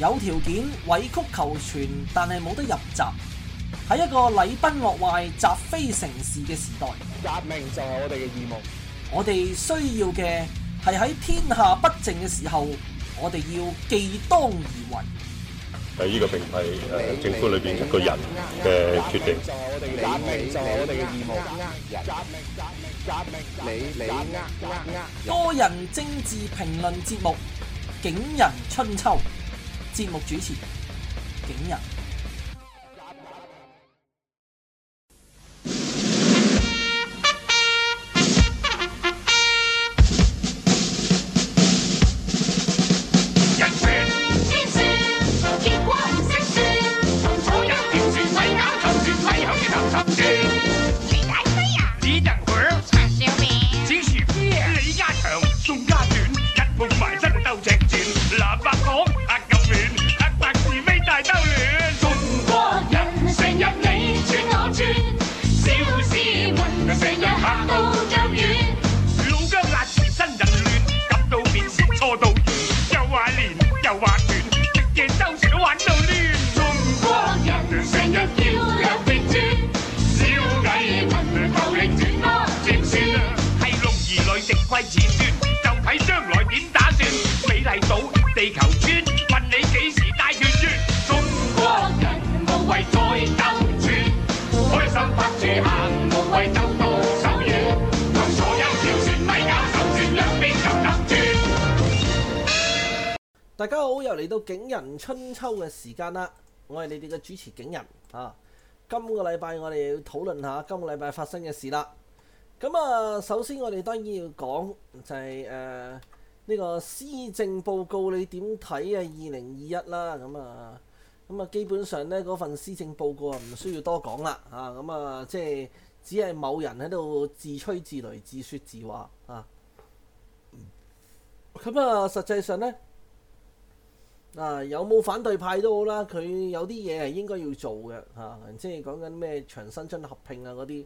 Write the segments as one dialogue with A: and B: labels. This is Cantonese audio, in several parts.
A: 有條件委曲求全，但係冇得入閘。喺一個禮崩樂壞、積非成是嘅時代，革命就係我哋嘅義務。我哋需要嘅係喺天下不正嘅時候，我哋要既當而為。喺呢個並唔係誒政府裏邊一個人嘅決定。就係我哋革命就係我哋嘅義務。革命革命革命你你多人政治評論節目《景仁春秋》。節目主持，景仁。大家好，又嚟到景仁春秋嘅時間啦，我係你哋嘅主持景仁啊。今個禮拜我哋要討論下今個禮拜發生嘅事啦。咁啊，首先我哋當然要講就係誒呢個施政報告你點睇啊？二零二一啦，咁啊。咁啊，基本上咧嗰份施政報告啊，唔需要多講啦，啊，咁啊，即係只係某人喺度自吹自擂、自説自話啊。咁啊，實際上咧啊，有冇反對派都好啦，佢有啲嘢係應該要做嘅，嚇、啊，即係講緊咩長生津合併啊嗰啲。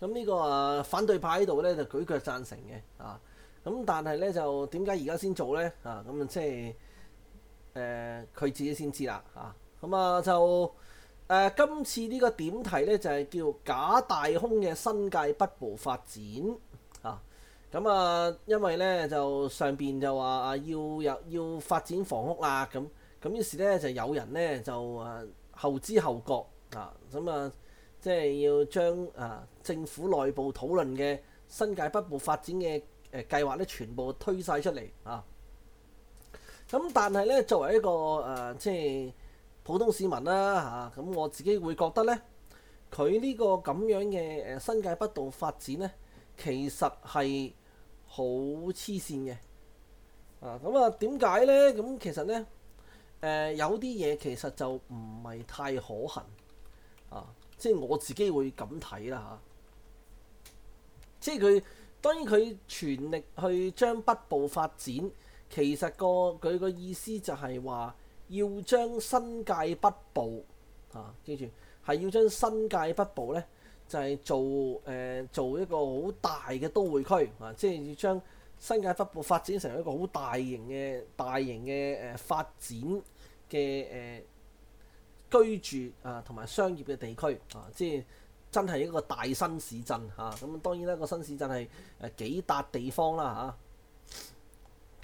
A: 咁呢個啊反對派喺度咧就舉腳贊成嘅，啊，咁、啊、但係咧就點解而家先做咧？啊，咁啊即係。誒，佢、呃、自己先知啦嚇，咁啊，啊就誒、啊、今次呢個點題咧就係叫假大空嘅新界北部發展啊。咁啊，因為咧就上邊就話啊要入要發展房屋啦，咁，咁於是咧就有人咧就啊後知後覺啊，咁啊，即係要將啊政府內部討論嘅新界北部發展嘅誒、呃、計劃咧全部推晒出嚟啊。咁、嗯、但係咧，作為一個誒、呃，即係普通市民啦嚇，咁、啊嗯、我自己會覺得咧，佢呢個咁樣嘅誒、呃、新界北部發展咧，其實係好黐線嘅。啊，咁啊點解咧？咁、嗯、其實咧，誒、呃、有啲嘢其實就唔係太可行。啊，即係我自己會咁睇啦嚇。即係佢當然佢全力去將北部發展。其實個佢個意思就係話，要將新界北部啊，記住係要將新界北部咧，就係、是、做誒、呃、做一個好大嘅都會區啊，即係要將新界北部發展成一個好大型嘅大型嘅誒、呃、發展嘅誒、呃、居住啊，同埋商業嘅地區啊，即係真係一個大新市鎮嚇。咁、啊、當然啦，個新市鎮係誒幾笪地方啦嚇。啊。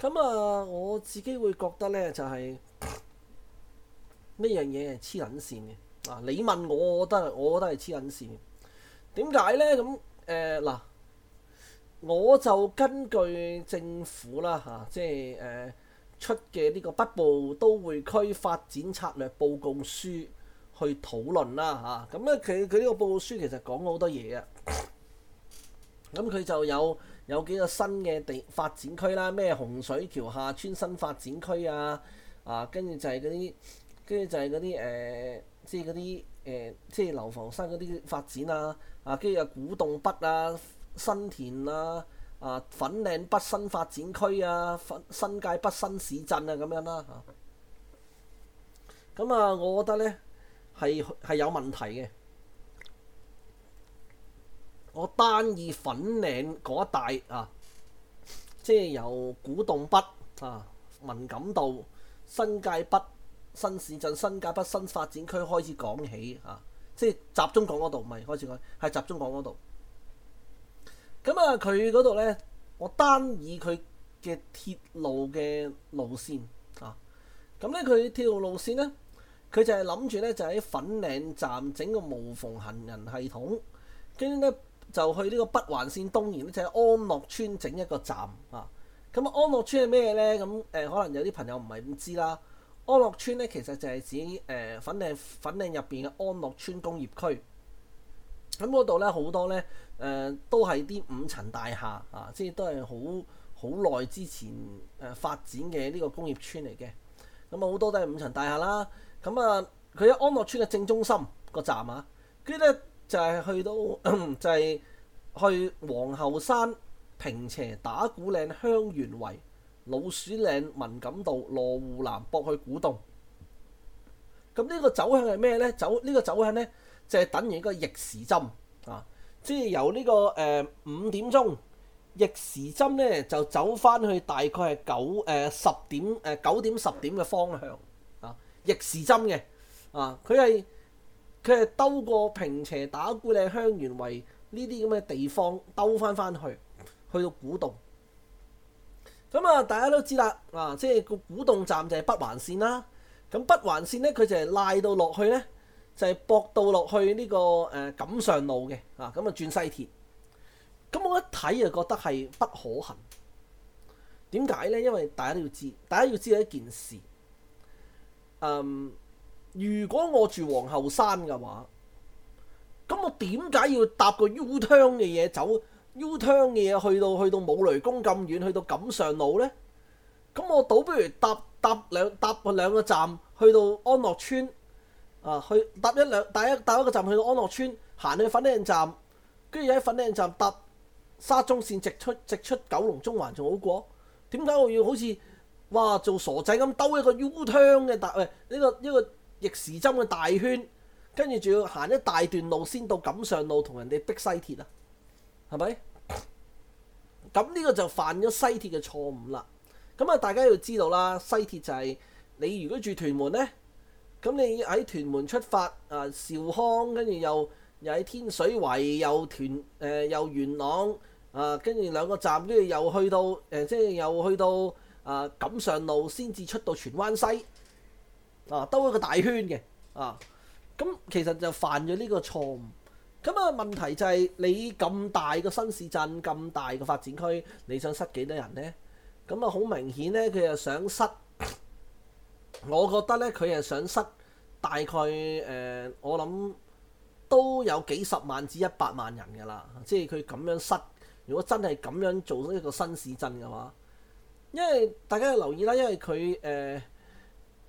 A: 咁啊、嗯，我自己會覺得咧，就係呢樣嘢係黐撚線嘅。啊，你問我，我覺得，我覺得係黐撚線。點解咧？咁誒嗱，我就根據政府啦嚇、啊，即係誒、啊、出嘅呢個北部都會區發展策略報告書去討論啦嚇。咁、啊、咧，佢佢呢個報告書其實講好多嘢啊。咁、嗯、佢就有。有幾個新嘅地發展區啦，咩洪水橋下村新發展區啊，啊，跟住就係嗰啲，跟住就係嗰啲誒，即係嗰啲誒，即係流浮山嗰啲發展啊，啊，跟住啊古洞北啊，新田啊，啊，粉嶺北新發展區啊，粉新界北新市鎮啊，咁樣啦、啊、嚇。咁啊，我覺得呢係係有問題嘅。我單以粉嶺嗰一帶啊，即係由古洞北啊、文錦渡、新界北、新市鎮、新界北新發展區開始講起啊，即係集中講嗰度，唔係開始講，係集中講嗰度。咁、嗯、啊，佢嗰度咧，我單以佢嘅鐵路嘅路線啊，咁咧佢鐵路路線咧，佢就係諗住咧就喺粉嶺站整個無縫行人系統，跟住咧。就去呢個北環線東延咧，喺、就是、安樂村整一個站啊！咁啊，安樂村係咩咧？咁誒、呃，可能有啲朋友唔係咁知啦。安樂村咧，其實就係指誒粉嶺粉嶺入邊嘅安樂村工業區。咁嗰度咧好多咧誒、呃，都係啲五層大廈啊，即係都係好好耐之前誒、呃、發展嘅呢個工業村嚟嘅。咁啊，好多都係五層大廈啦。咁啊，佢喺安樂村嘅正中心、嗰個站啊，跟住咧。就係去到， 就係、是、去皇后山、坪輋、打鼓嶺、香園圍、老鼠嶺、文錦渡、羅湖南博去古洞。咁呢個走向係咩呢？走呢、這個走向呢，就係、是、等於一個逆時針啊，即係由呢、這個誒五、呃、點鐘逆時針呢，就走翻去大概係九誒十點誒九、呃、點十點嘅方向啊，逆時針嘅啊，佢係。佢係兜過坪輋、打鼓嶺、香園圍呢啲咁嘅地方，兜翻翻去，去到古洞。咁、嗯、啊，大家都知啦，啊，即係個古洞站就係北環綫啦。咁北環綫咧，佢就係拉到落去咧，就係、是、駁到落去呢、呢個誒錦、呃、上路嘅啊。咁啊，轉西鐵。咁我一睇就覺得係不可行。點解咧？因為大家都要知，大家要知道一件事，嗯。如果我住皇后山嘅話，咁我點解要搭個 U-turn 嘅嘢走 U-turn 嘅嘢去到去到冇雷公咁遠，去到錦上路咧？咁我倒不如搭搭，搭兩搭兩個站去到安樂村啊，去搭一兩搭一搭一個站去到安樂村，行去粉嶺站，跟住喺粉嶺站搭沙中線直出直出九龍中環仲好過？點解我要好似哇做傻仔咁兜一個 U-turn 嘅搭？喂，呢個呢個這個這個逆時針嘅大圈，跟住仲要行一大段路先到錦上路同人哋逼西鐵啊，係咪？咁呢個就犯咗西鐵嘅錯誤啦。咁啊，大家要知道啦，西鐵就係、是、你如果住屯門呢，咁你喺屯門出發啊、呃，兆康，跟住又又喺天水圍，又屯誒、呃，又元朗啊，跟、呃、住兩個站，跟住又去到誒、呃，即係又去到啊、呃、錦上路，先至出到荃灣西。啊，兜一個大圈嘅，啊，咁其實就犯咗呢個錯誤。咁啊，問題就係、是、你咁大個新市鎮，咁大個發展區，你想塞幾多人咧？咁啊，好明顯咧，佢又想塞。我覺得咧，佢係想塞，大概誒、呃，我諗都有幾十萬至一百萬人㗎啦。即係佢咁樣塞，如果真係咁樣做一個新市鎮嘅話，因為大家要留意啦，因為佢誒，呃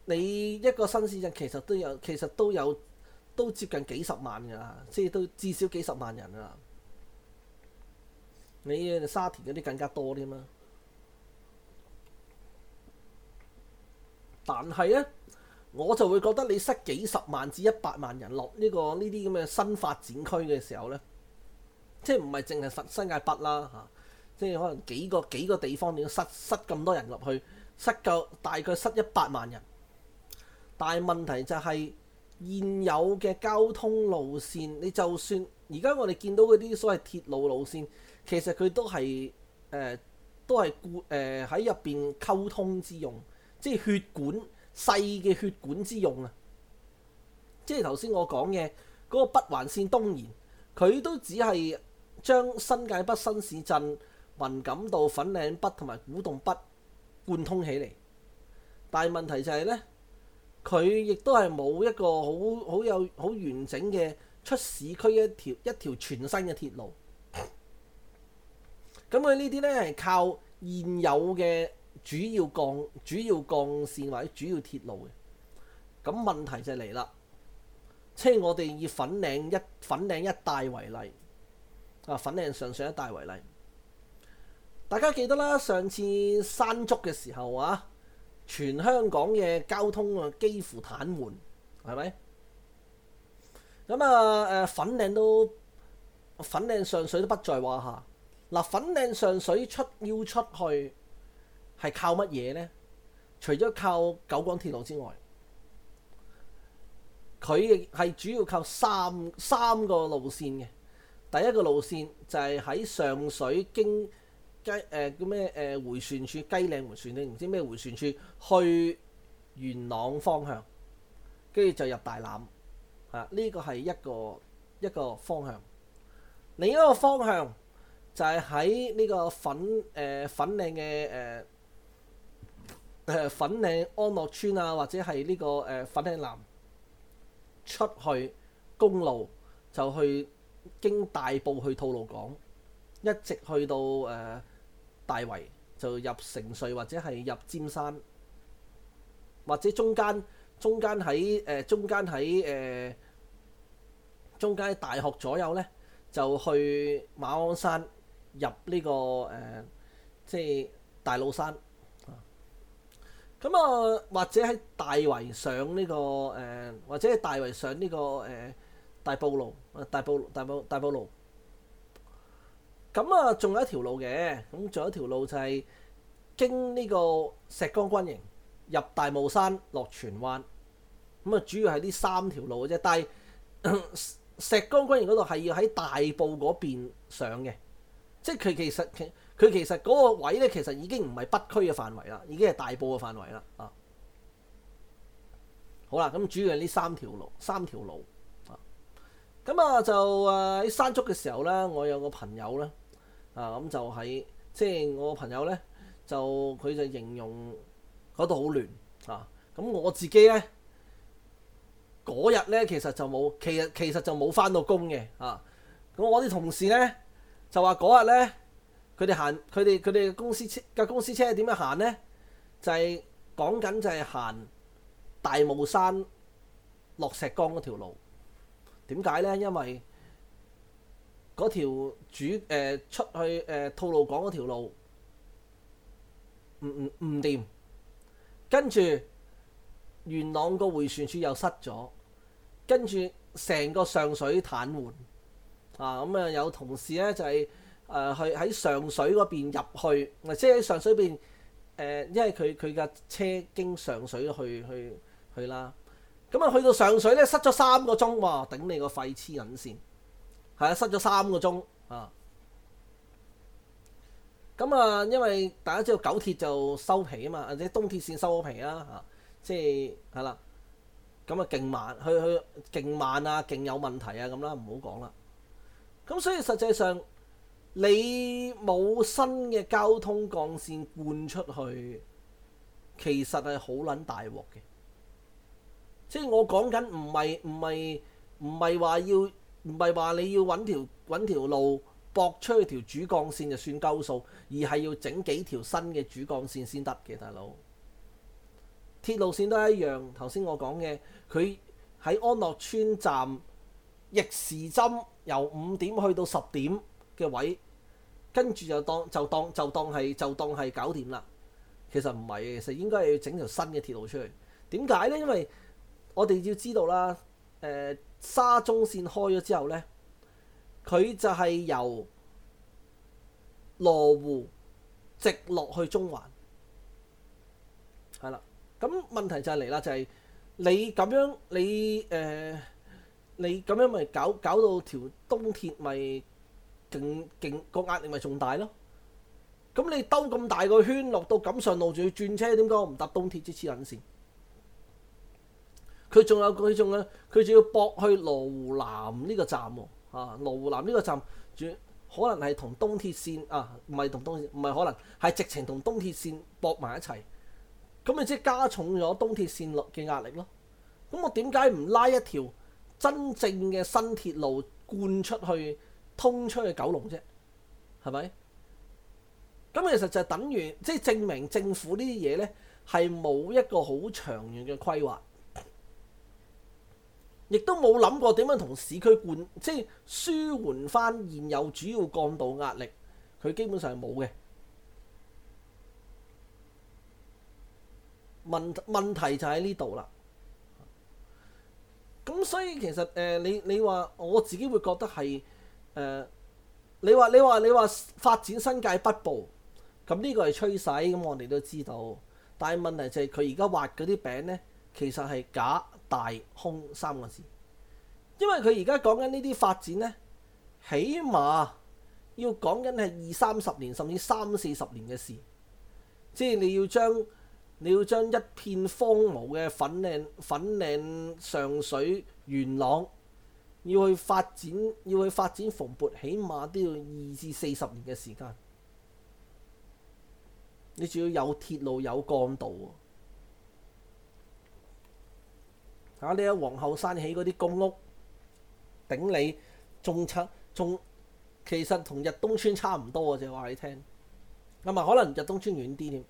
A: 你一個新市鎮其實都有，其實都有都接近幾十萬㗎啦，即係都至少幾十萬人啦。你沙田嗰啲更加多啲嘛？但係咧，我就會覺得你塞幾十萬至一百萬人落呢、這個呢啲咁嘅新發展區嘅時候咧，即係唔係淨係塞新界北啦嚇、啊，即係可能幾個幾個地方你要塞塞咁多人落去，塞夠大概塞一百萬人。但係問題就係、是、現有嘅交通路線，你就算而家我哋見到嗰啲所謂鐵路路線，其實佢都係誒、呃、都係固誒喺入邊溝通之用，即係血管細嘅血管之用啊！即係頭先我講嘅嗰個北環線東延，佢都只係將新界北新市鎮文錦渡粉嶺北同埋古洞北貫通起嚟，但係問題就係咧。佢亦都係冇一個好好有好完整嘅出市區一條一條全新嘅鐵路，咁 佢呢啲咧係靠現有嘅主要幹主要幹線或者主要鐵路嘅。咁問題就嚟啦，即係我哋以粉嶺一粉嶺一帶為例，啊粉嶺上上一帶為例，大家記得啦，上次山竹嘅時候啊。全香港嘅交通啊，幾乎癱瘓，係咪？咁啊，誒粉嶺都粉嶺上水都不在話下。嗱，啊，粉嶺上水出要出去係靠乜嘢咧？除咗靠九廣鐵路之外，佢亦係主要靠三三個路線嘅。第一個路線就係喺上水經。誒叫咩誒回旋處，雞嶺回旋你唔知咩回旋處，去元朗方向，跟住就入大欖，啊，呢個係一個一個方向。另一個方向就係喺呢個粉誒、呃、粉嶺嘅誒誒粉嶺安樂村啊，或者係呢、呢個誒、呃、粉嶺南出去公路，就去經大埔去吐露港，一直去到誒。呃大圍就入城隧或者係入尖山，或者中間中間喺誒中間喺誒中間喺大學左右咧，就去馬鞍山入呢、這個誒、呃，即係大老山。咁啊，或者喺大圍上呢、這個誒、呃，或者喺大圍上呢、這個誒大埔路啊，大埔大埔大埔路。咁啊，仲有一條路嘅，咁仲有一條路就係經呢個石崗軍營入大霧山落荃灣，咁啊，主要係呢三條路嘅啫。但係 石崗軍營嗰度係要喺大埔嗰邊上嘅，即係佢其實佢其實嗰個位咧，其實已經唔係北區嘅範圍啦，已經係大埔嘅範圍啦。啊，好啦，咁主要係呢三條路，三條路啊，咁啊就誒喺、啊、山竹嘅時候咧，我有個朋友咧。啊，咁就喺即係我朋友咧，就佢就形容嗰度好亂啊。咁我自己咧，嗰日咧其實就冇，其實其實就冇返到工嘅啊。咁我啲同事咧就話嗰日咧，佢哋行，佢哋佢哋公司車嘅公司車點樣行咧？就係、是、講緊就係行大霧山落石崗嗰條路。點解咧？因為嗰條主誒、呃、出去誒、呃、吐露港嗰條路唔唔唔掂，跟住元朗個回旋處又塞咗，跟住成個上水癱瘓啊，咁啊、嗯、有同事咧就係、是、誒、呃、去喺上水嗰邊入去，咪即係喺上水邊誒、呃，因為佢佢架車經上水去去去，去啦，咁啊去到上水咧塞咗三個鐘喎，頂你個肺黐緊線！係啊，塞咗三個鐘啊！咁啊，因為大家知道九鐵就收皮啊嘛，或者東鐵線收咗皮啦嚇，即係係啦，咁啊勁慢，佢佢勁慢啊，勁有問題啊咁啦，唔好講啦。咁所以實際上你冇新嘅交通幹線灌出去，其實係好撚大鑊嘅。即係我講緊唔係唔係唔係話要。唔係話你要揾條揾條路駁出去條主幹線就算夠數，而係要整幾條新嘅主幹線先得嘅，大佬。鐵路線都係一樣，頭先我講嘅，佢喺安樂村站逆時針由五點去到十點嘅位，跟住就當就當就當係就當係九點啦。其實唔係，其實應該係要整條新嘅鐵路出去。點解呢？因為我哋要知道啦，誒、呃。沙中線開咗之後咧，佢就係由羅湖直落去中環，係啦。咁問題就係嚟啦，就係、是、你咁樣你誒，你咁、呃、樣咪搞搞到條東鐵咪勁勁個壓力咪仲大咯？咁你兜咁大個圈落到錦上路，仲要轉車，點解我唔搭東鐵？即黐撚線。佢仲有佢仲啊，佢仲要駁去羅湖南呢個站喎、哦，啊羅湖南呢個站，可能係同東鐵線啊，唔係同東唔係可能係直情同東鐵線駁埋一齊，咁你即係加重咗東鐵線落嘅壓力咯。咁我點解唔拉一條真正嘅新鐵路貫出去通出去九龍啫？係咪？咁其實就等於即係、就是、證明政府呢啲嘢咧係冇一個好長遠嘅規劃。亦都冇諗過點樣同市區貫即係舒緩翻現有主要幹道壓力，佢基本上係冇嘅。問題問題就喺呢度啦。咁所以其實誒、呃，你你話我自己會覺得係誒、呃，你話你話你話發展新界北部，咁呢個係趨勢，咁我哋都知道。但係問題就係佢而家畫嗰啲餅咧，其實係假。大空三個字，因為佢而家講緊呢啲發展呢，起碼要講緊係二三十年，甚至三四十年嘅事。即係你要將你要將一片荒蕪嘅粉嶺粉嶺、上水、元朗，要去發展要去發展蓬勃，起碼都要二至四十年嘅時間。你仲要有鐵路、有幹道喎。啊！你喺皇后山起嗰啲公屋，頂你仲七仲，仲，其實同日東村差唔多嘅就話你聽，咁啊可能日東村遠啲添。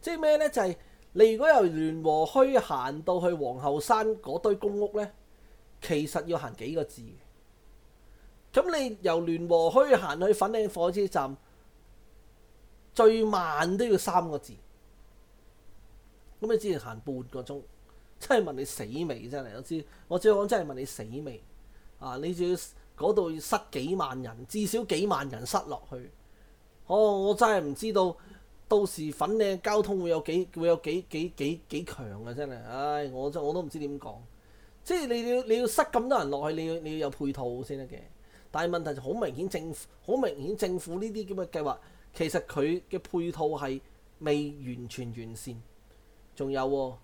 A: 即係咩咧？就係、係、你如果由聯和墟行到去皇后山嗰堆公屋咧，其實要行幾個字。咁你由聯和墟行去粉嶺火車站，最慢都要三個字。咁你只係行半個鐘。真係問你死未？真係，我知我知我講真係問你死未？啊！你仲要嗰度要塞幾萬人，至少幾萬人塞落去。哦，我真係唔知道到時粉嶺交通會有幾會有幾幾幾幾強嘅、啊、真係。唉、哎，我真我都唔知點講。即係你，你要你要塞咁多人落去，你要你要有配套先得嘅。但係問題就好明顯，政府好明顯政府呢啲咁嘅計劃，其實佢嘅配套係未完全完善。仲有喎、哦。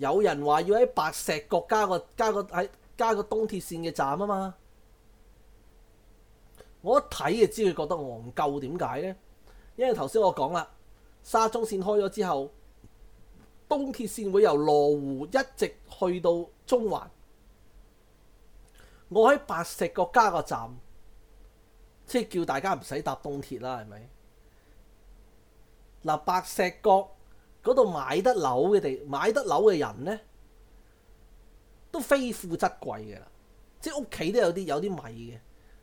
A: 有人話要喺白石角加個加個喺加個東鐵線嘅站啊嘛，我一睇就知佢覺得戇鳩，點解咧？因為頭先我講啦，沙中線開咗之後，東鐵線會由羅湖一直去到中環。我喺白石角加個站，即係叫大家唔使搭東鐵啦，係咪？嗱，白石角。嗰度買得樓嘅地，買得樓嘅人咧，都非富則貴嘅啦。即係屋企都有啲有啲米嘅，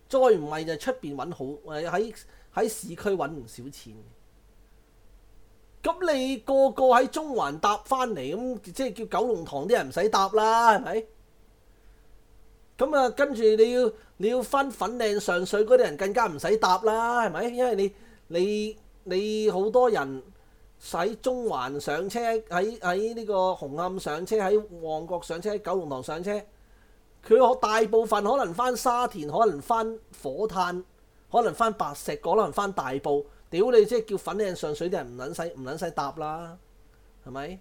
A: 再唔係就出邊揾好誒喺喺市區揾唔少錢。咁你個個喺中環搭返嚟，咁即係叫九龍塘啲人唔使搭啦，係咪？咁啊，跟住你要你要返粉嶺上水嗰啲人更加唔使搭啦，係咪？因為你你你好多人。使中環上車，喺喺呢個紅磡上車，喺旺角上車，喺九龍塘上車。佢大部分可能翻沙田，可能翻火炭，可能翻白石，可能翻大埔。屌你，即係叫粉嶺上水啲人唔撚使唔撚使搭啦，係咪？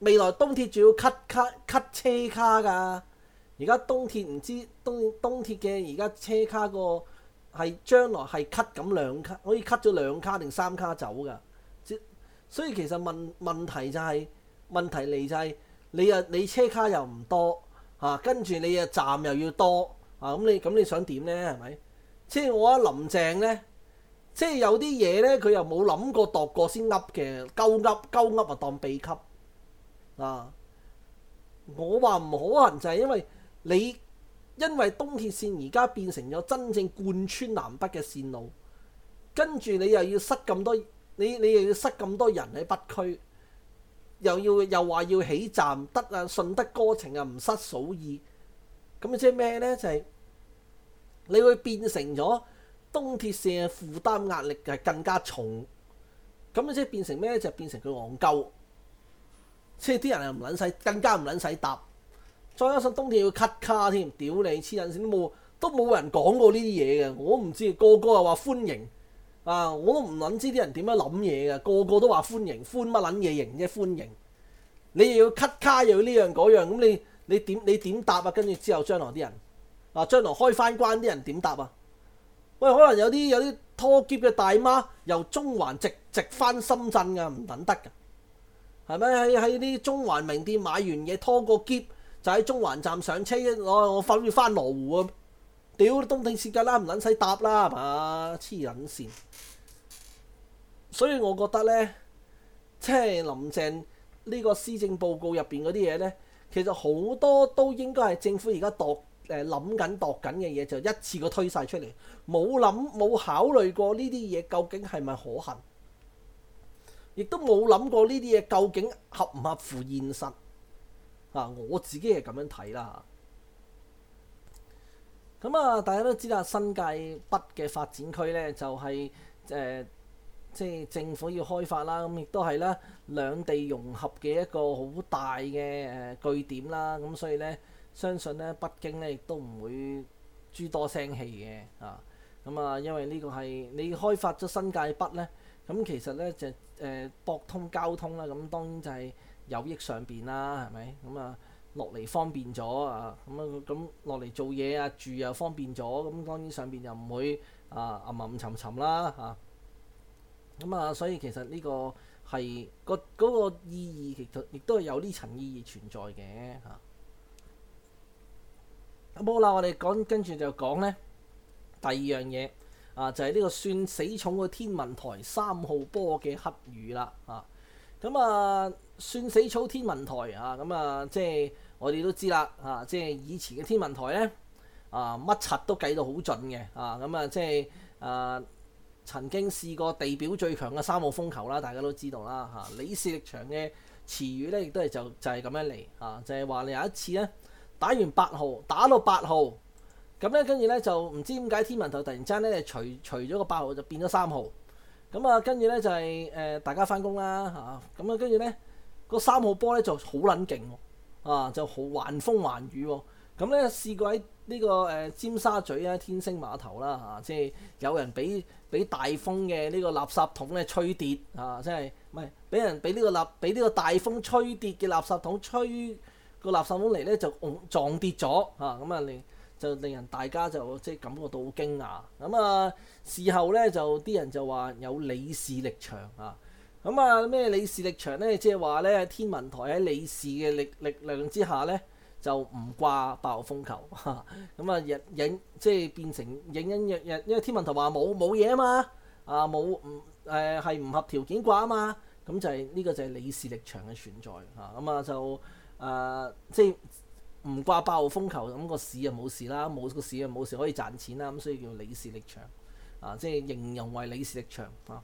A: 未來東鐵仲要 cut c cut, cut, cut, cut 車卡㗎。而家東鐵唔知東東鐵嘅而家車卡個係將來係 cut 緊兩卡，可以 cut 咗兩卡定三卡走㗎。所以其實問問題就係、是、問題嚟就係你又你車卡又唔多啊，跟、啊、住你又站又要多啊，咁你咁你想點咧？係咪？即、就、係、是、我覺得林鄭咧，即、就、係、是、有啲嘢咧，佢又冇諗過度過先笠嘅，鳩笠鳩笠啊，就當秘笈。啊！我話唔可能就係因為你因為東鐵線而家變成咗真正貫穿南北嘅線路，跟住你又要塞咁多。你你又要塞咁多人喺北區，又要又話要起站得啊？順德歌程啊唔失所意，咁即係咩咧？就係、是、你會變成咗東鐵線嘅負擔壓力係更加重，咁即係變成咩？就係、變成佢戇鳩，即係啲人又唔撚使，更加唔撚使搭，再加上東鐵要 cut 卡添，屌你黐撚線都冇，都冇人講過呢啲嘢嘅，我唔知個個又話歡迎。啊！我都唔撚知啲人點樣諗嘢嘅，個個都話歡迎，歡乜撚嘢型啫歡迎。你又要 cut 卡，又要呢樣嗰樣，咁你你點你點答啊？跟住之後將來啲人啊，將來開返關啲人點答啊？喂，可能有啲有啲拖劫嘅大媽由中環直直返深圳嘅、啊，唔等得㗎，係咪喺喺啲中環名店買完嘢拖個劫就喺中環站上車？哦、啊，我快啲返羅湖啊！屌，你東拼西架啦，唔撚使答啦，係嘛？黐撚線。所以我覺得咧，即係林鄭呢個施政報告入邊嗰啲嘢咧，其實好多都應該係政府而家度誒諗緊度緊嘅嘢，就一次過推晒出嚟，冇諗冇考慮過呢啲嘢究竟係咪可行，亦都冇諗過呢啲嘢究竟合唔合乎現實。啊，我自己係咁樣睇啦。咁啊、嗯，大家都知道新界北嘅發展區咧，就係、是、誒、呃，即係政府要開發啦，咁亦都係咧兩地融合嘅一個好大嘅誒據點啦。咁所以咧，相信咧北京咧亦都唔會諸多聲氣嘅啊。咁、嗯、啊，因為呢個係你開發咗新界北咧，咁、嗯、其實咧就誒、是呃、博通交通啦。咁、嗯、當然就係有益上邊啦，係咪？咁、嗯、啊。嗯落嚟方便咗啊，咁啊，咁落嚟做嘢啊，住又方便咗，咁當然上邊就唔會啊暗暗沉沉啦嚇，咁啊，啊所以其實呢個係、嗰個嗰、嗰個意義其實亦都係有呢層意義存在嘅嚇。咁、啊、好啦，我哋講跟住就講咧第二樣嘢啊，就係、係、呢個算死草嘅天文台三號波嘅黑雨啦啊！咁啊，算死草天文台啊，咁啊，即係我哋都知啦，啊，即係、啊、以前嘅天文台咧，啊，乜柒都計到好準嘅，啊，咁啊，即係啊，曾經試過地表最強嘅三號風球啦，大家都知道啦，嚇、啊，李氏力場嘅詞語咧，亦都係就是、就係、是、咁樣嚟，啊，就係、是、話你有一次咧，打完八號，打到八號，咁咧跟住咧就唔知點解天文台突然間咧，除除咗個八號就變咗三號。咁、嗯就是呃、啊，跟住咧就係誒大家翻工啦嚇，咁啊跟住咧個三號波咧就好撚勁喎，啊就好橫風橫雨喎，咁咧試過喺呢、這個誒、呃、尖沙咀啊天星碼頭啦嚇、啊，即係有人俾俾大風嘅呢個垃圾桶咧吹跌啊，即係唔係俾人俾呢、這個垃俾呢個大風吹跌嘅垃圾桶吹個垃圾桶嚟咧就撞跌咗嚇，咁啊、嗯嗯、你。就令人大家就即係、就是、感覺到好驚訝咁啊！事後咧就啲人就話有李氏力場啊！咁啊咩李氏力場咧？即係話咧天文台喺李氏嘅力力量之下咧，就唔掛暴風球。咁啊影影即係變成影緊日日，因為天文台話冇冇嘢啊嘛啊冇唔誒係唔合條件掛啊嘛，咁、啊呃啊、就係、是、呢、這個就係李氏力場嘅存在嚇。咁啊，啊就誒、啊、即係。唔掛八號風球咁個市就冇事啦，冇個市就冇事可以賺錢啦，咁所以叫李氏力場啊，即係形容為李氏力場啊。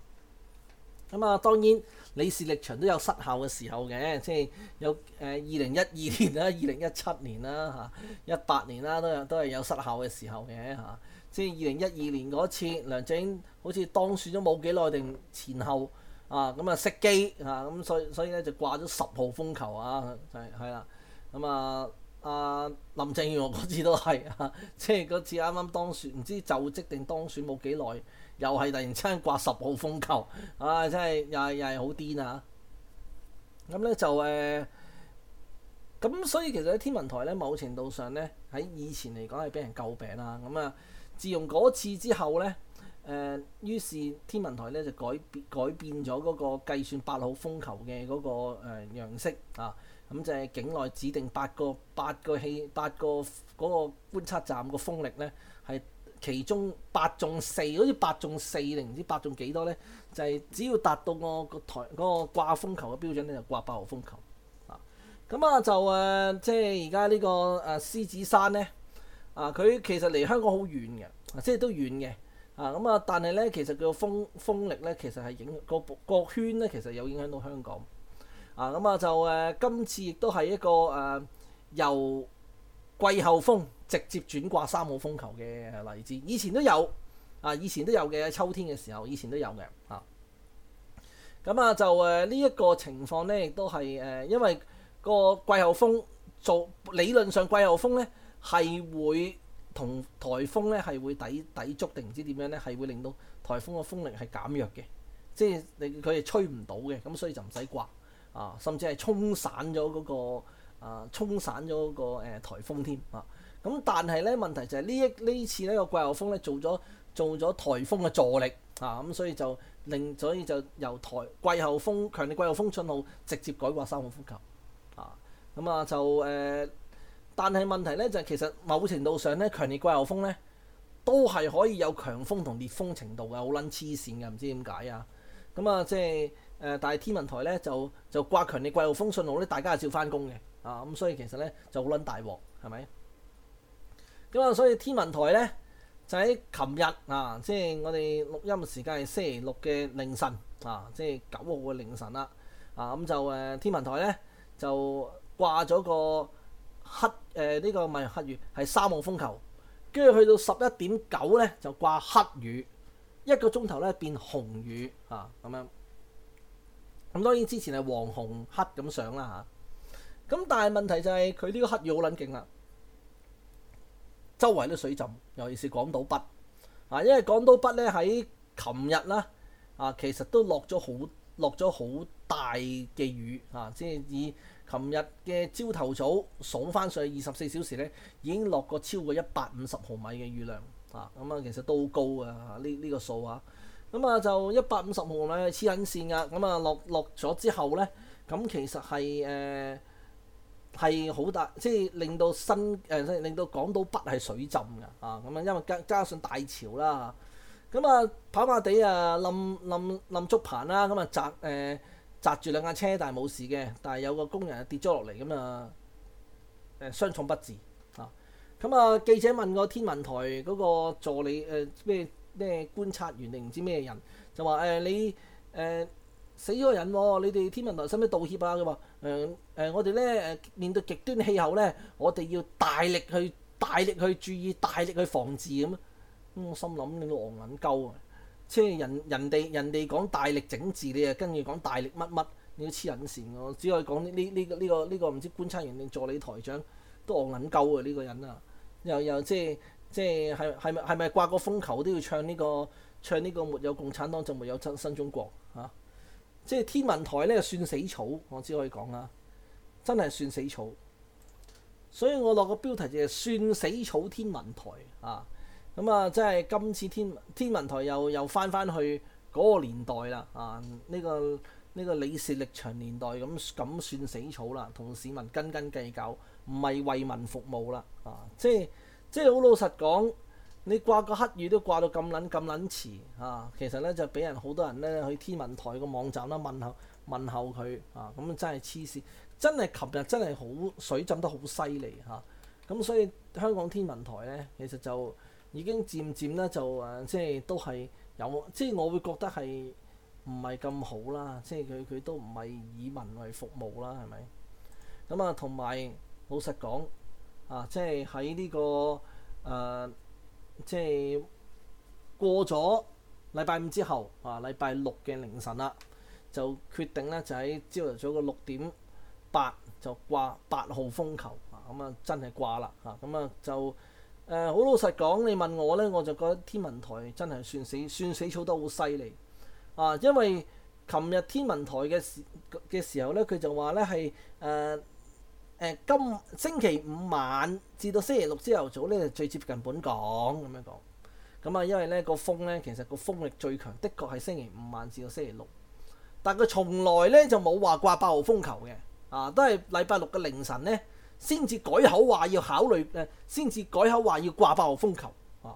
A: 咁啊，當然李氏力場都有失效嘅時候嘅，即係有誒二零一二年啦、二零一七年啦、嚇一八年啦，都有都係有失效嘅時候嘅嚇、啊。即係二零一二年嗰次，梁振英好似當選咗冇幾耐定前後啊，咁啊熄機啊，咁所以所以咧就掛咗十號風球啊，係係啦，咁啊。啊阿、啊、林鄭月娥嗰次都係、啊，即係嗰次啱啱當選，唔知就職定當選冇幾耐，又係突然之間掛十號風球，啊，真係又係又係好癲啊！咁咧就誒，咁、呃、所以其實喺天文台咧，某程度上咧喺以前嚟講係俾人詬病啦。咁啊，自從嗰次之後咧，誒、呃，於是天文台咧就改變改變咗嗰個計算八號風球嘅嗰、那個誒、呃、樣式啊。咁就係境內指定八個八個氣八個嗰個觀察站個風力咧，係其中八中四，好似八中四定唔知八中幾多咧？就係、係、只要達到個個台嗰、嗰個掛風球嘅標準咧，就掛八號風球。啊，咁啊就誒，即係而家呢個誒、啊、獅子山咧，啊佢其實離香港好遠嘅、啊，即係都遠嘅。啊咁啊，但係咧，其實佢個風風力咧，其實係影個個圈咧，其實有影響到香港。啊，咁啊就誒，今次亦都係一個誒、呃、由季候風直接轉掛三號風球嘅例子。以前都有啊，以前都有嘅秋天嘅時候，以前都有嘅啊。咁啊就誒呢一個情況咧，亦都係誒，因為個季候風做理論上季候風咧係會同颱風咧係會抵抵觸定唔知點樣咧，係會令到颱風嘅風力係減弱嘅，即係令佢係吹唔到嘅，咁所以就唔使掛。啊，甚至係沖散咗嗰、那個，啊，沖散咗、那個誒、呃、颱風添啊。咁但係咧問題就係呢一呢次咧個季候風咧做咗做咗颱風嘅助力啊，咁、嗯、所以就令所以就由台季候風強烈季候風信號直接改掛三號風球。啊，咁啊就誒、呃，但係問題咧就其實某程度上咧強烈季候風咧都係可以有強風同烈風程度嘅，好撚黐線嘅，唔知點解啊。咁啊即係。誒、呃，但係天文台咧就就掛強烈季候風信號咧，大家係照翻工嘅啊，咁所以其實咧就好撚大鑊，係咪？咁、嗯、啊，所以天文台咧就喺琴日啊，即、就、係、是、我哋錄音時間係星期六嘅凌晨啊，即係九號嘅凌晨啦啊，咁、嗯、就誒、呃、天文台咧就掛咗個黑誒呢、呃呢個咪「黑雨係三號風球，跟住去到十一點九咧就掛黑雨一個鐘頭咧變紅雨啊咁樣。咁當然之前係黃紅黑咁上啦嚇，咁、啊、但係問題就係佢呢個黑雨好撚勁啦，周圍都水浸，尤其是港島北啊，因為港島北咧喺琴日啦啊，其實都落咗好落咗好大嘅雨啊，即係以琴日嘅朝頭早數翻上去二十四小時咧，已經落過超過一百五十毫米嘅雨量啊，咁啊其實都好高嘅，呢呢個數啊。咁啊、嗯，就一百五十毫米黐緊線啊！咁啊，落落咗之後咧，咁其實係誒係好大，即係令到新誒、呃、令到港島北係水浸嘅啊！咁、嗯、啊，因為加加上大潮啦，咁啊跑馬地啊冧冧冧竹棚啦，咁啊砸誒砸住兩架車，但係冇事嘅，但係有個工人跌咗落嚟咁啊誒傷重不治啊！咁啊，記者問個天文台嗰個助理誒咩？呃咩觀察員定唔知咩人就話誒你誒死咗人喎，你哋、呃哦、天文台使唔使道歉啊？佢話誒誒我哋咧誒面對極端氣候咧，我哋要大力去大力去注意，大力去防治咁。咁、嗯、我心諗你都戇撚鳩啊！即係人人哋人哋講大力整治，你啊，跟住講大力乜乜，你都黐撚線。我只可以講呢呢呢個呢、呢個呢、呢個唔、呢個呢個、知觀察員定助理台長都戇撚鳩啊！呢、呢個人啊，又又，又即係。即係係咪係咪掛個風球都要唱呢、這個唱呢個沒有共產黨就沒有新新中國嚇，、啊！即係天文台咧，算死草，我只可以講啦，真係算死草。所以我落個標題就係、是、算死草天文台啊！咁啊，即係今次天天文台又又翻翻去嗰個年代啦啊！呢、這個呢、這個李氏力場年代咁咁算死草啦，同市民斤斤計較，唔係為民服務啦啊！即係。即係好老實講，你掛個黑雨都掛到咁撚咁撚遲嚇，其實咧就俾人好多人咧去天文台個網站啦問候問候佢嚇，咁真係黐線，真係琴日真係好水浸得好犀利嚇，咁、啊嗯、所以香港天文台咧其實就已經漸漸咧就誒、呃、即係都係有，即係我會覺得係唔係咁好啦，即係佢佢都唔係以民為服務啦，係咪？咁啊同埋老實講。啊，即係喺呢個誒、呃，即係過咗禮拜五之後，啊，禮拜六嘅凌晨啦，就決定咧，就喺朝頭早嘅六點八就掛八號風球，咁啊、嗯、真係掛啦，嚇咁啊、嗯、就誒好、呃、老實講，你問我咧，我就覺得天文台真係算死算死草得好犀利，啊，因為琴日天，天文台嘅時嘅時候咧，佢就話咧係誒。誒、呃、今星期五晚至到星期六朝頭早咧，最接近本港咁樣講。咁啊，因為咧個風咧，其實個風力最強的確係星期五晚至到星期六，但佢從來咧就冇話掛八號風球嘅。啊，都係禮拜六嘅凌晨咧先至改口話要考慮誒，先、呃、至改口話要掛八號風球。啊，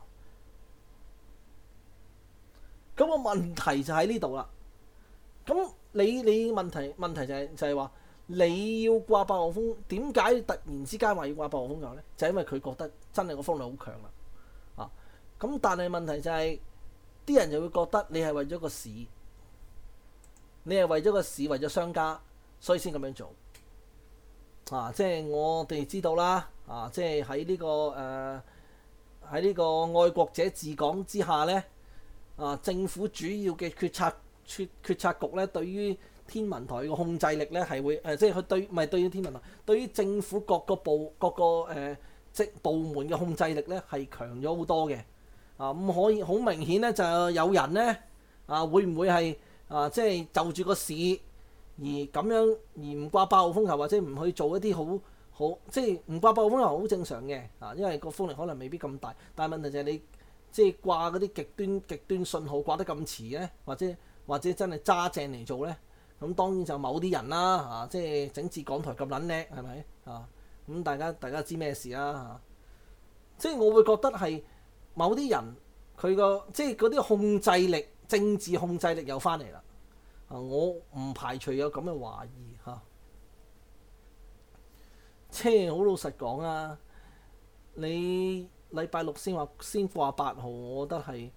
A: 咁、那個問題就喺呢度啦。咁你你問題問題就係、是、就係、是、話。你要掛八號風，點解突然之間話要掛八號風球咧？就係、因為佢覺得真係個風力好強啦、啊，啊！咁但係問題就係、係、啲人就會覺得你係為咗個市，你係為咗個市，為咗商家，所以先咁樣做啊！即係我哋知道啦，啊！即係喺呢個誒喺呢個愛國者治港之下咧，啊！政府主要嘅決策決決策局咧，對於天文台個控制力咧係會誒，即係佢對唔係對於天文台，對於政府各個部各個誒、呃、即部門嘅控制力咧係強咗好多嘅啊！咁可以好明顯咧，就有人咧啊，會唔會係啊？即、就、係、是、就住個市而咁樣而唔掛八號風球，或者唔去做一啲好好即係唔掛八號風球，好正常嘅啊，因為個風力可能未必咁大。但係問題就係你即係掛嗰啲極端極端信號掛得咁遲咧，或者或者真係揸正嚟做咧。咁當然就某啲人啦，嚇、啊，即係整治港台咁撚叻，係咪？嚇、啊，咁大家大家知咩事啦？嚇、啊，即係我會覺得係某啲人佢個即係嗰啲控制力、政治控制力又翻嚟啦。啊，我唔排除有咁嘅懷疑嚇、啊。即係好老實講啊，你禮拜六先話先放八號，我覺得係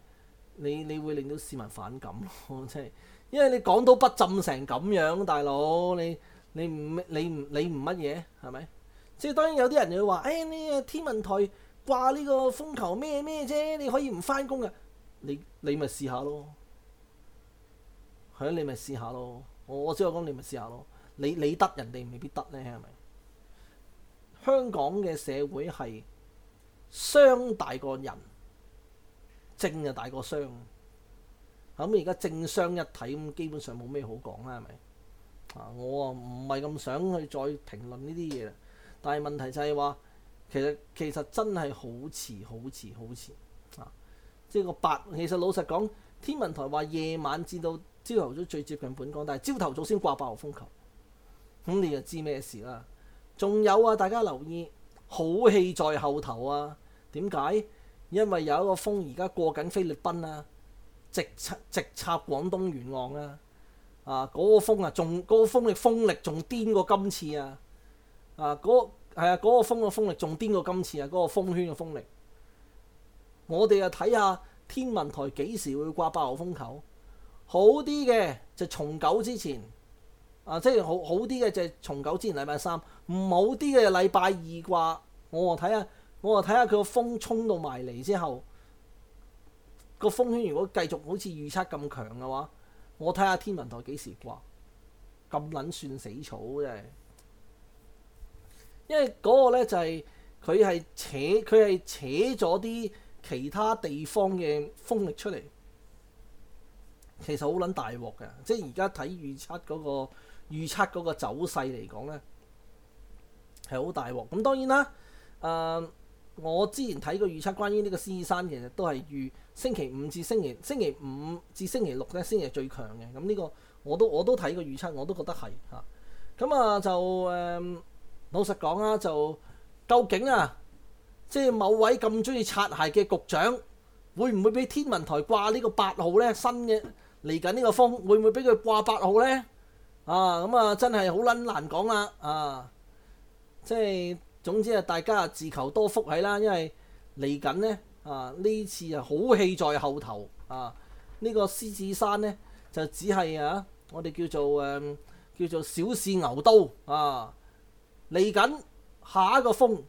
A: 你你會令到市民反感咯、啊，即係。因為你講到不浸成咁樣，大佬，你你唔你唔你唔乜嘢，係咪？即係當然有啲人就會話：呢、哎、你天文台掛呢個風球咩咩啫，你可以唔翻工㗎。你你咪試下咯，係啊，你咪試下咯。我我知我講你咪試下咯。你你得人哋未必得咧，係咪？香港嘅社會係商大過人，政就大過商。咁而家政商一體咁，基本上冇咩好講啦，係咪？啊，我啊唔係咁想去再評論呢啲嘢啦。但係問題就係話，其實其實真係好遲好遲好遲啊！即、這、係個八，其實老實講，天文台話夜晚至到朝頭早最接近本港，但係朝頭早先掛八號風球，咁、嗯、你就知咩事啦。仲有啊，大家留意，好戲在後頭啊！點解？因為有一個風而家過緊菲律賓啊。直插直插廣東沿岸啊！啊，嗰個風啊，仲嗰個風力風力仲癲過今次啊！啊，嗰係啊，嗰個風嘅風力仲癲過今次啊，嗰個風圈嘅風力。我哋啊睇下天文台幾時會掛八號風球？好啲嘅就從九之前啊，即係好好啲嘅就從九之前禮拜三；唔好啲嘅就禮拜二掛。我睇下，我話睇下佢個風衝到埋嚟之後。個風圈如果繼續好似預測咁強嘅話，我睇下天文台幾時刮，咁撚算死草真係，因為嗰個咧就係佢係扯佢係扯咗啲其他地方嘅風力出嚟，其實好撚大鑊嘅，即係而家睇預測嗰個預測嗰個走勢嚟講咧係好大鑊。咁當然啦，誒、呃。我之前睇過預測，關於呢個 C 二其實都係預星期五至星期星期五至星期六咧，星期係最強嘅。咁、嗯、呢、這個我都我都睇過預測，我都覺得係嚇。咁啊就誒、嗯，老實講啦，就究竟啊，即、就、係、是、某位咁中意擦鞋嘅局長，會唔會俾天文台掛個呢個八號咧？新嘅嚟緊呢個風，會唔會俾佢掛八號咧？啊咁、嗯、啊，真係好撚難講啦啊！即、就、係、是。總之啊，大家自求多福係啦，因為嚟緊呢，啊呢次啊好戲在後頭啊，呢、呢個獅子山呢，就只係啊我哋叫做誒、嗯、叫做小試牛刀啊，嚟緊下，下一個風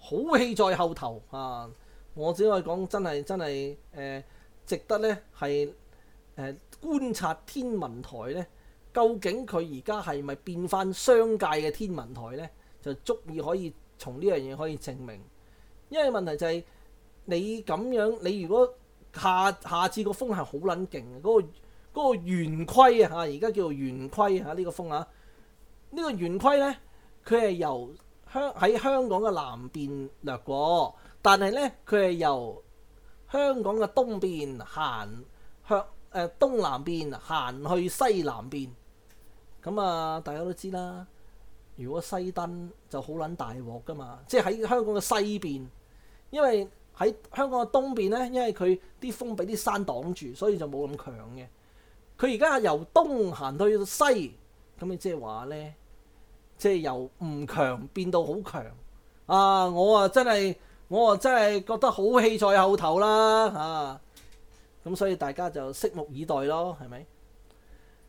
A: 好戲在後頭啊，我只可以講真係真係誒、呃、值得呢，係誒、呃、觀察天文台呢，究竟佢而家係咪變翻商界嘅天文台呢？就足以可以。從呢樣嘢可以證明，因為問題就係你咁樣，你如果下下次個風係好撚勁，嗰個嗰個圓規啊嚇，而家叫做圓規啊呢個風啊，呢個圓規咧，佢係由香喺香港嘅南邊掠過，但係咧佢係由香港嘅東邊行向誒、呃、東南邊行去西南邊，咁啊大家都知啦。如果西登就好撚大鍋噶嘛，即係喺香港嘅西邊，因為喺香港嘅東邊咧，因為佢啲風俾啲山擋住，所以就冇咁強嘅。佢而家係由東行去到西，咁你即係話咧，即係由唔強變到好強啊！我啊真係，我啊真係覺得好戲在後頭啦嚇，咁、啊、所以大家就拭目以待咯，係咪？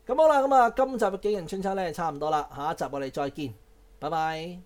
A: 咁好啦，咁啊，今集嘅《幾人春秋》咧，差唔多啦，下一集我哋再見，拜拜。